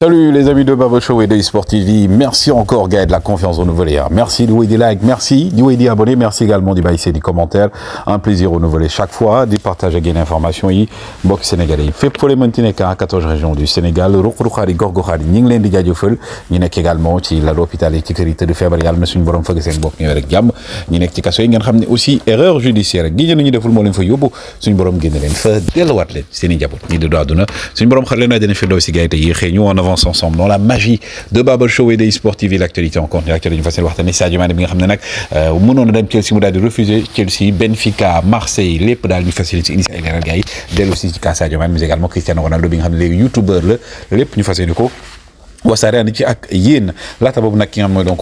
Salut les amis de Babo Show et de Sport TV. Merci encore Gaël de la confiance au renouvelée. Hein. Merci de des likes, merci de des abonnés, merci également du baisser des commentaires. Un plaisir au renouvelé chaque fois, de partager des informations et box sénégalais. Fait pour les Monténéca, hein, 14 régions du Sénégal, Rokhoukhari, Gorgokhari, Ninglen de Gadiofoul, Ninek également, qui à l'hôpital et qui hérite de faire Yal, Messun Borom Fogesen Bok Niverek Gam, Ninek Tikasso, Ingen Hamni aussi, erreur judiciaire. Guillaume Nid de Foulmolin Foyobo, Sun Borom Gendelen, Fe, Delawatlet, Sénégal, Nid de Daduna, Sun Borom Khalena, Denefedo, Sigaïte, Yéhénou, en avant avance ensemble dans la magie de Babel Show et des Sport TV l'actualité en contenu actuel ñu fas yéene waxtaan Sadio Mané bi nga xam ne nag euh, mënoon na dem Chelsea mu daal di refusé Chelsea Benfica Marseille lépp daal ñu fas yéene si indi ay leeral gars yi dellu si ci cas Sadio Mané mais également Cristiano Ronaldo bi nga xam ne léegi youtubeur la lépp ñu fas wasaare ànd ci ak Yen Là,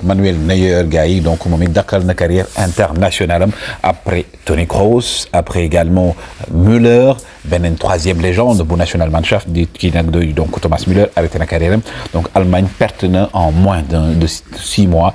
Manuel Neuer qui donc une carrière internationale après Tony Kroos après également Müller une troisième légende pour Nationalmannschaft qui donc Thomas Müller arrêté une carrière donc Allemagne perte en moins de six mois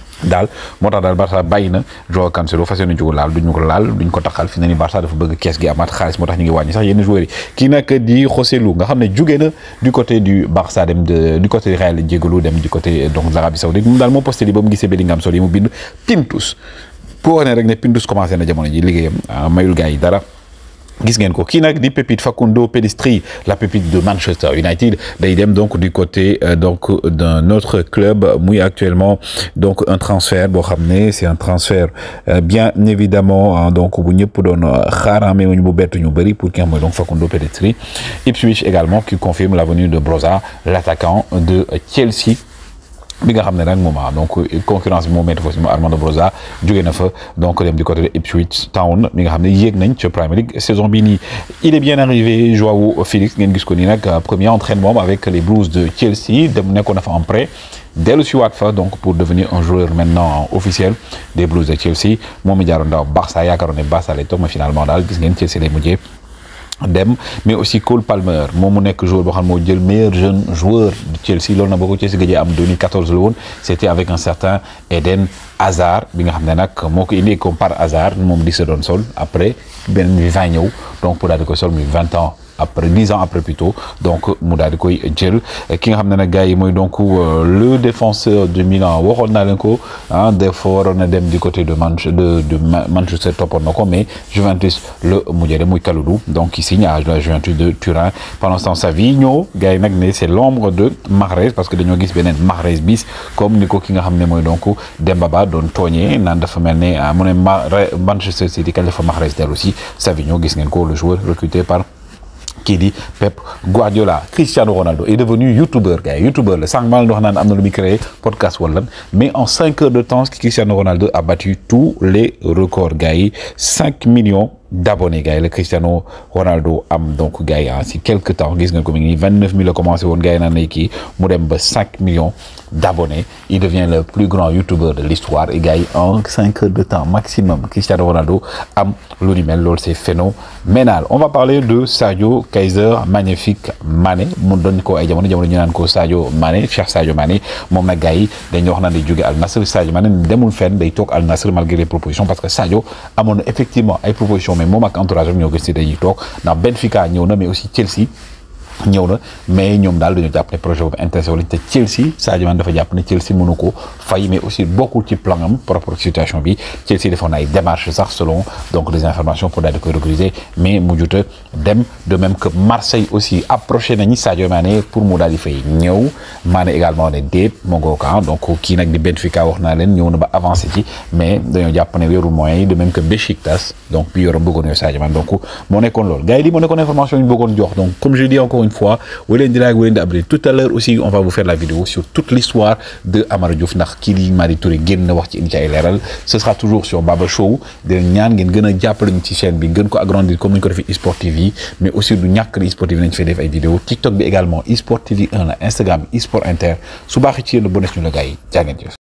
daal moo tax daal Barça bàyyi na Joao Cancelo fas yéene ko laal duñu ko laal duñ ko taxal fi na ni Barça dafa bëgg kees gi amaat xaalis moo tax ñu ngi wàññi sax yenn joueurs yi kii nag di José Lu nga xam ne jugee na du côté du Barça dem de du côté Real jégalu dem du côté donc de l'Arabie Saoudite moom daal moo posté li ba mu gisee Bellingham sol yi mu bind Pintus pour wane ne Pintus commencé na jamono ji liggéeyam ah, mayul gars yi dara Gisgen dit ko pépite Facundo Pedestri la pépite de Manchester United y donc du côté euh, donc d'un autre club a actuellement donc un transfert c'est un transfert euh, bien évidemment hein, donc euh, hein, pour donner. doon xaaraame wuñu bu bettu ñu pour ki y donc Facundo Pedestri Ipswich également qui confirme la venue de Broza l'attaquant de Chelsea bi nga xamné ne moment ah, donc euh, concurrence bi moo Armando Broza du na fa donc dem du côté de Ipswich Town mi nga xamné ne yéeg nañ Premier League saison bini il est bien arrivé Joao Félix ngeen gis ko ni nak euh, premier entraînement avec les Blues de Chelsea dem nekkoon na fa en prêt dès le waat fa donc pour devenir un joueur maintenant euh, officiel des Blues de Chelsea momi mi ndaw daaw Barça yaakaaroon Barça lay mais finalement dal gis ngeen Chelsea lay mujjee dem mais aussi Cole Palmer moom nek joueur boo xam mo jël meilleur jeune joueur de Chelsea loolu na boo Chelsea gëjee am 2014 le woon c'était avec un certain Eden Hazard bi nga xam ne nag moo ko indi comme par hasard mom di se donne sol après Ben bi donc pour la ko sol mi 20 ans après dix ans après plutôt donc mu daal koy jël qui donc euh, le défenseur de Milan waxoon Nalinko, hein, des fois du côté de Manchester de Manchester Top mais Juventus le mujjee dem donc il signe à la Juventus de Turin pendant ce temps Savigno Gaï c'est l'ombre de Mahrez parce que de Nogis Benet Mahrez bis comme niko qui a nga xam ne donc dembaba Nanda doon ah, Manchester City kañ fa Mahrez Savigno qui le joueur recruté par dit Pep Guardiola Cristiano Ronaldo est devenu youtubeur gars youtubeur le 5 maa podcast mais en cinq heures de temps Cristiano Ronaldo a battu tous les records 5 millions d'abonnés gars le Cristiano Ronaldo am donc gars ah, quelques temps 29 000 a commencé on gars qui, millions d'abonnés il devient le plus grand youtubeur de l'histoire et gars en 5 heures de temps maximum Cristiano Ronaldo am lu ni mel Feno c'est phénoménal on va parler de Sadio Kaiser magnifique Mané mu don ko ay jamono jamono ñu naan ko Sadio Mané Cheikh Sadio Mané moom nag gars yi wax na day jóge Al Nassr Sadio Mané demul fenn day tok Al Nassr malgré les propositions parce que Sadio amone effectivement ay propositions mais moom ak entourage am ñoo gis si dañuy toog ndax Benfica ñëw na mais aussi Chelsea ñëw na mais ñoom daal dañu jàpp ne projet boobu intéressé wu te Chelsea Sadio Mané dafa jàpp ne Chelsea mënu ko fay mais aussi bokkul ci plan am propre situation bi Chelsea defoon ay démarches sax selon donc les informations pour daal di koy recruter mais dem de même que Marseille aussi approché nañu Sadio Mané pour mu daal di fay ñëw également ne déet moo ngoo ah, donc qui nag di Benfica wax naa leen ñëw na ba avancé ci mais dañu jàpp ne wéru moyen de même que Besiktas donc bi yoroon bëggoon yow Sadio Mané donc moo nekkoon loolu gars yi lii moo nekkoon information yi jox donc comme je dis encore même fois Wélène Dinaag Wélène Abril tout à l'heure aussi on va vous faire la vidéo sur toute l'histoire de Amara Diouf ndax kii di Mary Touré genn wax ci indi ci ce sera toujours sur Baba Show de ñaan ngeen gën a ñu ci chaîne bi gën ko agrandir comme ni ñu ko defee eSport TV mais aussi du ñak ne eSport TV nañ fay def ay vidéo TikTok bi également eSport TV 1 la Instagram eSport Inter su baaxee ci yéen a ñu la gay jangene